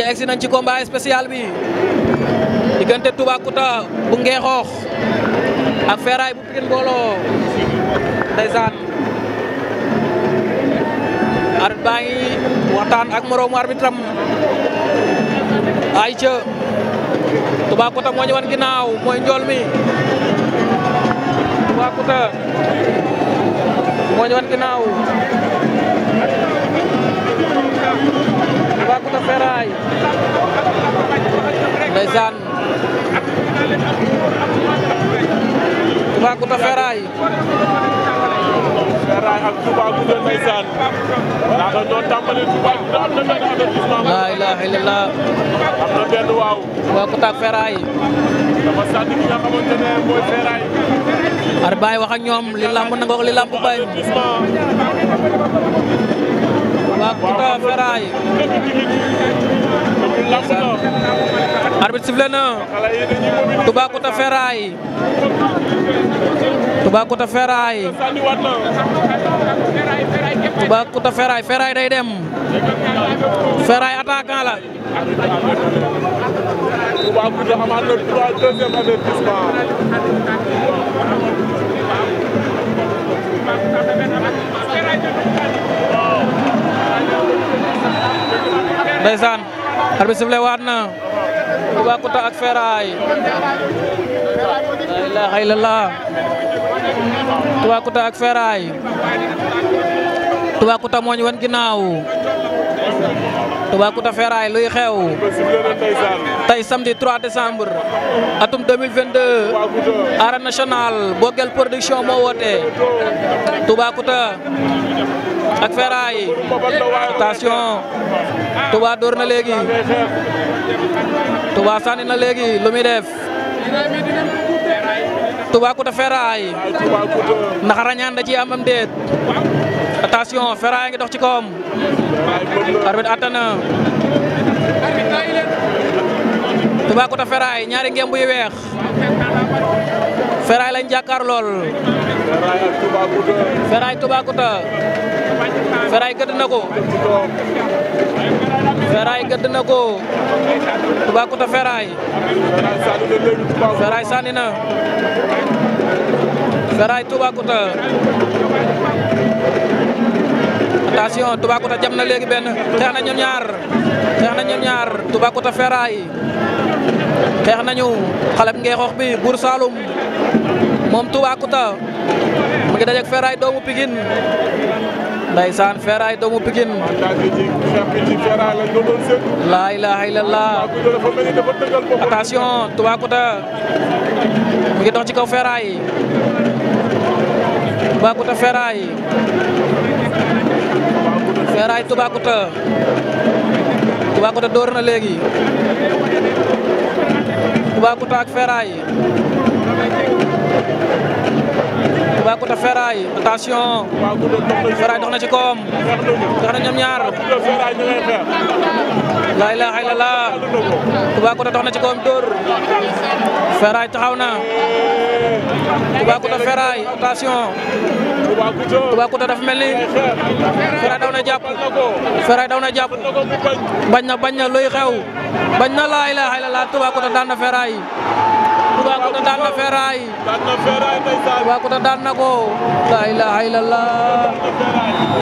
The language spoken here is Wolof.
acca egsi nañ ci combat spécial bi diggante Toubacouta bu Ngeexoox ak Ferraille bu Pikine Mbolo ndeysaan arbitre baa ngi waxtaan ak moroomu arbitre am ay ca Toubacouta moo wan ginnaaw mooy njool mi Toubacouta moo wan ginnaaw ndeysaan Toubacouta Ferraille laa ilaaha illallaah am na benn waaw Toubacouta ak Ferraille dafa sànni ki nga baay wax ak ñoom arbitre sifflé na Toubacouta Ferraille Toubacouta Ferraille Toubacouta Ferraille Ferraille day dem Ferraille attaquant la Toubacouta amaat na trois deuxième avertissement ndeysaan arbitre sifflé waat na Toubacouta ak Ferraille la ilaha illallah Toubacouta ak Ferraille Toubacouta moo ñu wan ginnaaw Toubacouta Ferraille luy xew tey samedi 3 décembre atum 2022 arène nationale Boguel production moo woote Toubacouta ak Ferraille attention Touba dóor na léegi Touba sànni na léegi lu muy def Touba Kouta Ferraille ndax rañaan da ci am am déet attention Ferraille ngi dox ci kawam arbitre attana Touba Kouta Ferraille ñaari ngemb yu weex Ferraille lañ jàkkaar lool Ferraille Touba Kouta Ferraille gëdd na ko Ferraille gëdd na ko Toubacouta Ferraille Ferraille sànni na Ferraille Toubacouta attention Toubacouta jam na léegi benn xeex na ñoom ñaar xeex na ñoom ñaar Toubacouta Ferraille xeex nañu xale bi ngeexoox bi Buur Saalum moom Toubacouta mu ngi dajeek Ferraille doomu Pikine ndaysaan Feeraay doomu Pikine laa ilaaha illallah attention Toubacouta mu ngi dox ci kaw Feeraay Toubacouta Feeraay Feeraay Toubacouta Toubacouta door na léegi Toubacouta ak Feeraay Toubacouta Ferraille attention Ferraille dox na ci koom dox na ñoom ñaar laa ilaaha illallah Toubacouta dox na ci koom dóor Ferraille taxaw na Toubacouta Ferraille attention Toubacouta dafa mel ni Ferraille na jàpp Ferraille na jàpp bañ na bañ na luy xew bañ na laa ilaaha illallah Toubacouta daan na Ferraille Toubacouta daan na Ferraille. daan na Ferraille ko. la ilaha illallah.